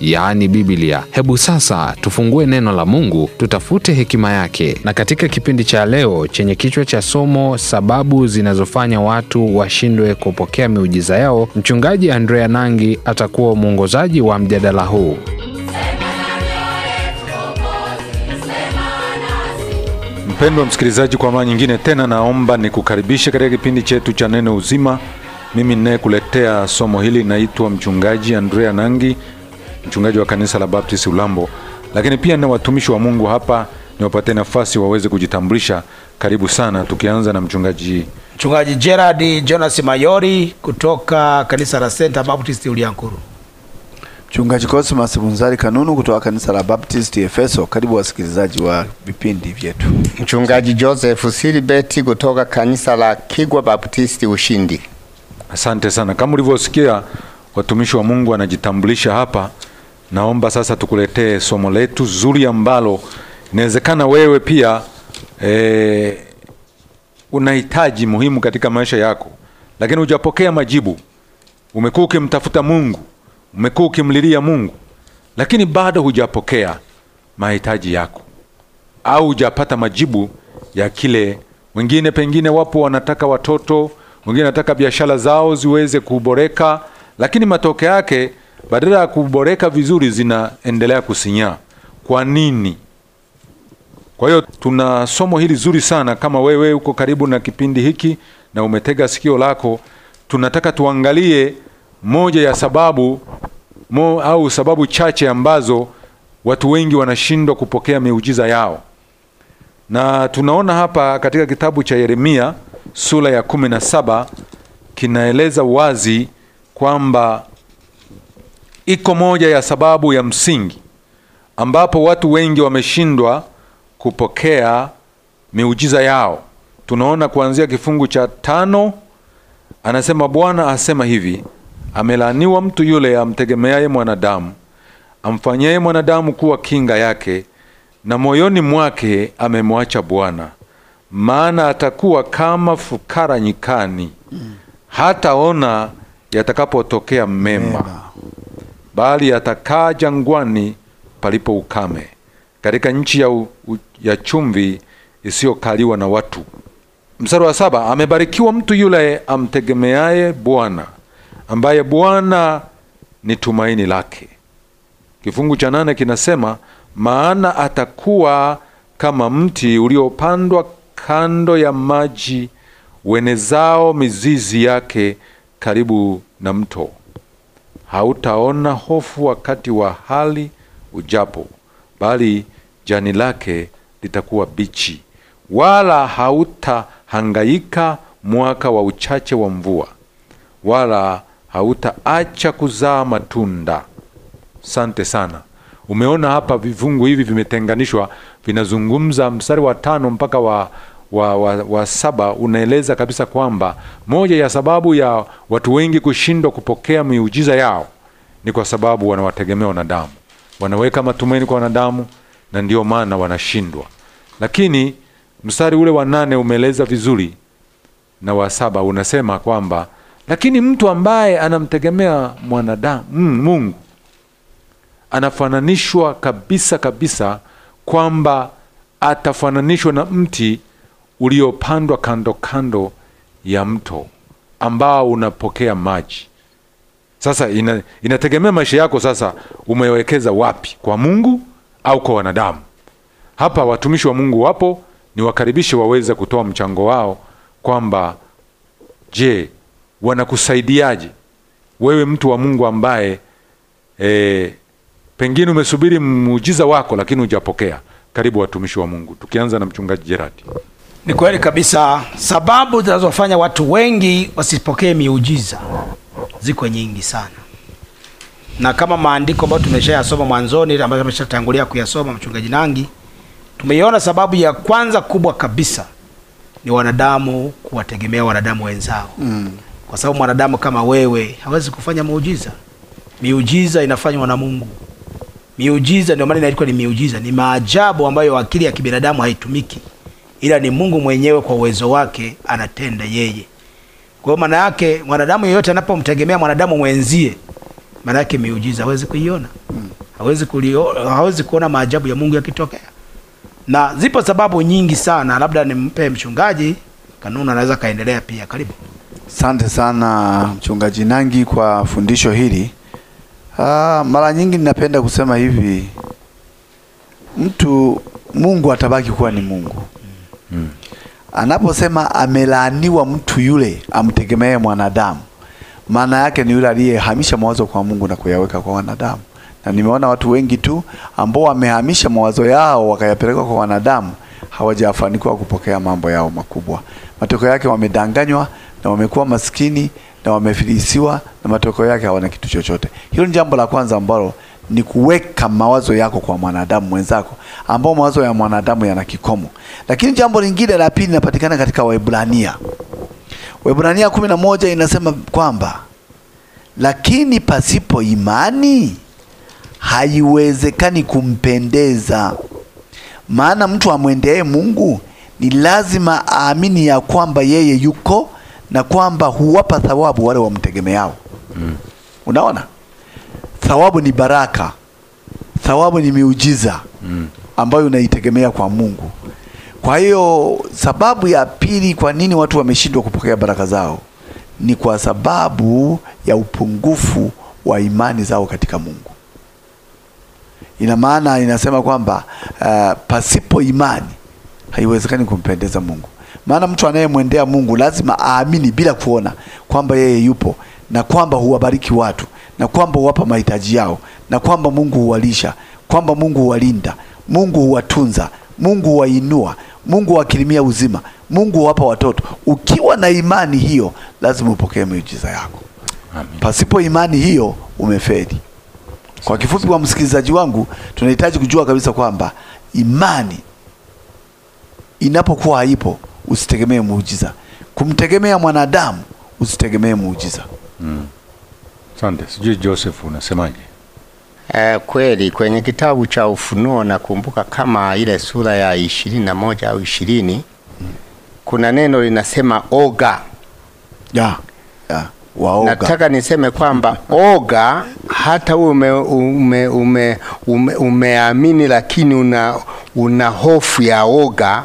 yaani Biblia. Hebu sasa tufungue neno la Mungu, tutafute hekima yake. Na katika kipindi cha leo chenye kichwa cha somo sababu zinazofanya watu washindwe kupokea miujiza yao, mchungaji Andrea Nangi atakuwa mwongozaji wa mjadala huu. Mpendwa msikilizaji, kwa mara nyingine tena naomba nikukaribishe katika kipindi chetu cha neno uzima. Mimi ninayekuletea somo hili naitwa mchungaji Andrea Nangi mchungaji wa kanisa la Baptist Ulambo, lakini pia na watumishi wa Mungu hapa wapate nafasi waweze kujitambulisha. Karibu sana, tukianza na mchungaji mchungaji Gerard Jonas Mayori kutoka kanisa la Center Baptist Uliankuru. Mchungaji Cosmas Bunzari Kanunu kutoka kanisa la Baptist Efeso. Karibu wasikilizaji wa vipindi vyetu. Mchungaji Joseph Silibeti kutoka kanisa la Kigwa Baptist Ushindi. Asante sana, kama ulivyosikia Watumishi wa Mungu wanajitambulisha hapa. Naomba sasa tukuletee somo letu zuri ambalo inawezekana wewe pia e, unahitaji muhimu katika maisha yako, lakini hujapokea majibu. Umekuwa ukimtafuta Mungu, umekuwa ukimlilia Mungu, lakini bado hujapokea mahitaji yako au hujapata majibu ya kile. Wengine pengine wapo wanataka watoto, wengine wanataka biashara zao ziweze kuboreka lakini matokeo yake badala ya kuboreka vizuri zinaendelea kusinyaa. Kwa nini? Kwa hiyo tuna somo hili zuri sana. Kama wewe uko karibu na kipindi hiki na umetega sikio lako, tunataka tuangalie moja ya sababu mo, au sababu chache ambazo watu wengi wanashindwa kupokea miujiza yao, na tunaona hapa katika kitabu cha Yeremia sura ya kumi na saba kinaeleza wazi kwamba iko moja ya sababu ya msingi ambapo watu wengi wameshindwa kupokea miujiza yao. Tunaona kuanzia kifungu cha tano, anasema Bwana asema hivi, amelaaniwa mtu yule amtegemeaye mwanadamu, amfanyaye mwanadamu kuwa kinga yake, na moyoni mwake amemwacha Bwana, maana atakuwa kama fukara nyikani, hataona yatakapotokea mema, bali yatakaa jangwani palipo ukame, katika nchi ya, u, ya chumvi isiyokaliwa na watu. Mstari wa saba, amebarikiwa mtu yule amtegemeaye Bwana, ambaye Bwana ni tumaini lake. Kifungu cha nane kinasema maana atakuwa kama mti uliopandwa kando ya maji, wenezao mizizi yake karibu na mto. Hautaona hofu wakati wa hali ujapo, bali jani lake litakuwa bichi, wala hautahangaika mwaka wa uchache wa mvua, wala hautaacha kuzaa matunda. Sante sana. Umeona hapa vifungu hivi vimetenganishwa, vinazungumza mstari wa tano mpaka wa wa, wa, wa saba unaeleza kabisa kwamba moja ya sababu ya watu wengi kushindwa kupokea miujiza yao ni kwa sababu wanawategemea wanadamu, wanaweka matumaini kwa wanadamu na ndio maana wanashindwa. Lakini mstari ule wa nane umeeleza vizuri na wa saba unasema kwamba lakini mtu ambaye anamtegemea mwanadamu mm, Mungu anafananishwa kabisa kabisa kwamba atafananishwa na mti uliopandwa kando kando ya mto ambao unapokea maji. Sasa ina, inategemea maisha yako sasa, umewekeza wapi, kwa Mungu au kwa wanadamu? Hapa watumishi wa Mungu wapo, ni wakaribishe waweze kutoa mchango wao kwamba je, wanakusaidiaje wewe mtu wa Mungu ambaye e, pengine umesubiri muujiza wako lakini hujapokea. Karibu watumishi wa Mungu, tukianza na mchungaji Jeradi. Ni kweli kabisa. Sababu zinazofanya watu wengi wasipokee miujiza ziko nyingi sana, na kama maandiko ambayo tumeshayasoma mwanzoni, ambayo tumeshatangulia kuyasoma, mchungaji Nangi, tumeiona sababu ya kwanza kubwa kabisa ni wanadamu kuwategemea wanadamu wenzao mm. Kwa sababu mwanadamu kama wewe hawezi kufanya muujiza. Miujiza inafanywa na Mungu. Miujiza ndio maana inaitwa ni miujiza, ni maajabu ambayo akili ya kibinadamu haitumiki ila ni Mungu mwenyewe kwa uwezo wake anatenda yeye. Kwa maana yake mwanadamu yeyote anapomtegemea mwanadamu mwenzie, maana yake miujiza hawezi kuiona, hawezi kulio, hawezi kuona maajabu ya Mungu yakitokea. Na zipo sababu nyingi sana, labda nimpe mchungaji Kanuna, anaweza kaendelea pia. Karibu. Asante sana mchungaji Nangi kwa fundisho hili. Ah, mara nyingi ninapenda kusema hivi, mtu Mungu atabaki kuwa ni Mungu mm. Anaposema amelaaniwa mtu yule amtegemee mwanadamu, maana yake ni yule aliyehamisha mawazo kwa Mungu na kuyaweka kwa wanadamu. Na nimeona watu wengi tu ambao wamehamisha mawazo yao wakayapeleka kwa wanadamu, hawajafanikiwa kupokea mambo yao makubwa. Matokeo yake wamedanganywa na wamekuwa maskini na wamefilisiwa, na matokeo yake hawana kitu chochote. Hilo ni jambo la kwanza ambalo ni kuweka mawazo yako kwa mwanadamu mwenzako, ambao mawazo ya mwanadamu yana kikomo. Lakini jambo lingine la pili linapatikana katika Waebrania. Waebrania kumi na moja inasema kwamba lakini pasipo imani haiwezekani kumpendeza, maana mtu amwendee Mungu ni lazima aamini ya kwamba yeye yuko na kwamba huwapa thawabu wale wamtegemeao. Mm. Unaona? Thawabu ni baraka, thawabu ni miujiza mm. ambayo unaitegemea kwa Mungu. Kwa hiyo sababu ya pili kwa nini watu wameshindwa kupokea baraka zao ni kwa sababu ya upungufu wa imani zao katika Mungu. Ina maana inasema kwamba uh, pasipo imani haiwezekani kumpendeza Mungu, maana mtu anayemwendea Mungu lazima aamini bila kuona kwamba yeye yupo na kwamba huwabariki watu na kwamba huwapa mahitaji yao, na kwamba Mungu huwalisha, kwamba Mungu huwalinda, Mungu huwatunza, Mungu huwainua, Mungu huwakirimia uzima, Mungu huwapa watoto. Ukiwa na imani hiyo, lazima upokee miujiza yako. Amen. Pasipo imani hiyo umefeli. Kwa kifupi, kwa msikilizaji wangu, tunahitaji kujua kabisa kwamba imani inapokuwa haipo, usitegemee muujiza. Kumtegemea mwanadamu, usitegemee muujiza. Hmm. Asante. Sijui Joseph unasemaje? E, kweli kwenye kitabu cha Ufunuo nakumbuka kama ile sura ya ishirini na moja au ishirini mm. kuna neno linasema oga ya. Ya. Waoga. Nataka niseme kwamba oga hata ume, ume, ume, ume, umeamini lakini una, una hofu ya oga.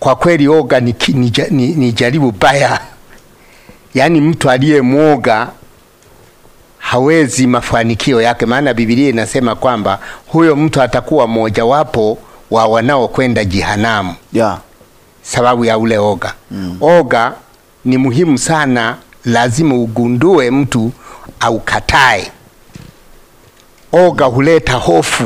Kwa kweli oga ni, ni, ni, ni jaribu baya, yaani mtu aliye mwoga hawezi mafanikio yake, maana Biblia inasema kwamba huyo mtu atakuwa mojawapo wa wanaokwenda jihanamu yeah. Sababu ya ule oga mm. Oga ni muhimu sana, lazima ugundue mtu au katae. Oga huleta hofu,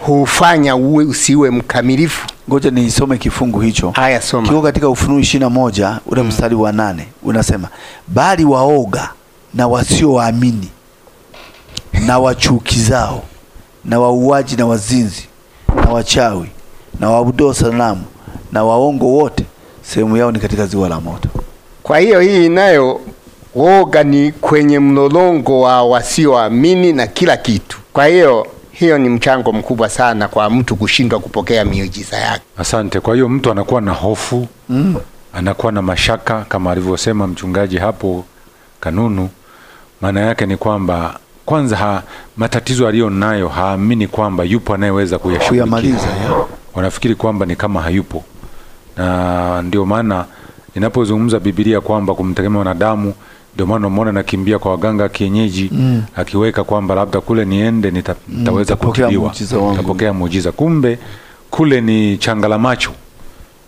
hufanya uwe usiwe mkamilifu. Ngoja nisome kifungu hicho. Haya, soma. Kiko katika Ufunuo ishirini na moja ule mm. mstari mm. wa nane unasema, bali waoga na wasioamini na wachuki zao na wauaji na wazinzi na wachawi na waabudu sanamu na waongo wote, sehemu yao ni katika ziwa la moto. Kwa hiyo hii inayo woga ni kwenye mlolongo wa wasioamini na kila kitu. Kwa hiyo hiyo ni mchango mkubwa sana kwa mtu kushindwa kupokea miujiza yake. Asante. Kwa hiyo mtu anakuwa na hofu mm, anakuwa na mashaka kama alivyosema mchungaji hapo Kanunu maana yake ni kwamba kwanza ha, matatizo aliyo nayo haamini kwamba yupo anayeweza kuyashughulikia. Wanafikiri kwamba ni kama hayupo, na ndio maana inapozungumza Biblia kwamba kumtegemea wanadamu, ndio maana umeona nakimbia kwa waganga kienyeji mm. akiweka kwamba labda kule niende nita, mm, nitaweza mm, kutibiwa nitapokea muujiza, kumbe kule ni changa la macho.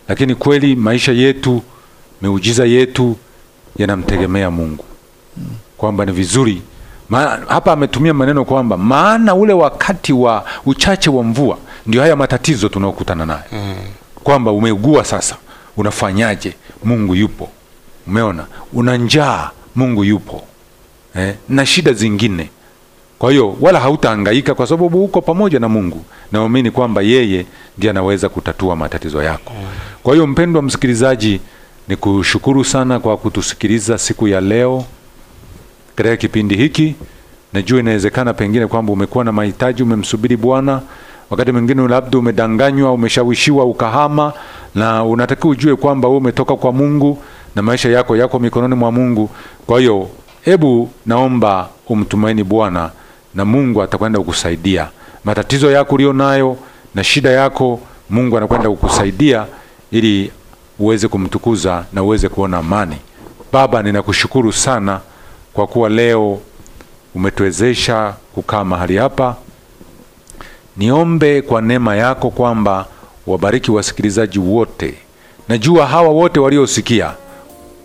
Lakini kweli maisha yetu, miujiza yetu yanamtegemea Mungu mm kwamba ni vizuri Ma, hapa ametumia maneno kwamba maana ule wakati wa uchache wa mvua ndio haya matatizo tunaokutana nayo mm. Kwamba umeugua sasa, unafanyaje? Mungu yupo. Umeona, una njaa, Mungu yupo eh, na shida zingine. Kwa hiyo wala hautaangaika kwa sababu uko pamoja na Mungu. Naamini kwamba yeye ndiye anaweza kutatua matatizo yako mm. Kwa hiyo mpendwa msikilizaji, nikushukuru sana kwa kutusikiliza siku ya leo katika kipindi hiki. Najua inawezekana pengine kwamba umekuwa na mahitaji, umemsubiri Bwana, wakati mwingine labda umedanganywa, umeshawishiwa, ukahama, na unatakiwa ujue kwamba wewe umetoka kwa Mungu na maisha yako yako mikononi mwa Mungu. Kwa hiyo hebu naomba umtumaini Bwana na Mungu atakwenda kukusaidia matatizo yako ulio nayo na shida yako. Mungu anakwenda kukusaidia ili uweze kumtukuza na uweze kuona amani. Baba, ninakushukuru sana kwa kuwa leo umetuwezesha kukaa mahali hapa. Niombe kwa neema yako kwamba wabariki wasikilizaji wote. Najua hawa wote waliosikia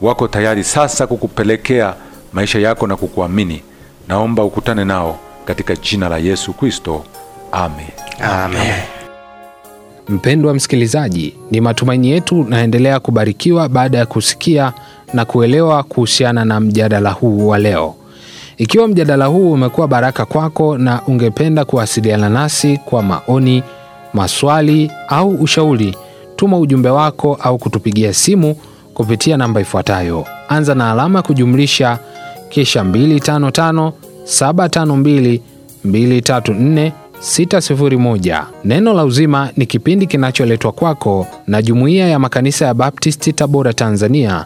wako tayari sasa kukupelekea maisha yako na kukuamini. Naomba ukutane nao katika jina la Yesu Kristo, amen. Amen. Mpendwa msikilizaji, ni matumaini yetu naendelea kubarikiwa baada ya kusikia na kuelewa kuhusiana na mjadala huu wa leo. Ikiwa mjadala huu umekuwa baraka kwako na ungependa kuwasiliana nasi kwa maoni, maswali au ushauri, tuma ujumbe wako au kutupigia simu kupitia namba ifuatayo: anza na alama ya kujumlisha kisha 255 Neno la Uzima ni kipindi kinacholetwa kwako na Jumuiya ya Makanisa ya Baptisti Tabora, Tanzania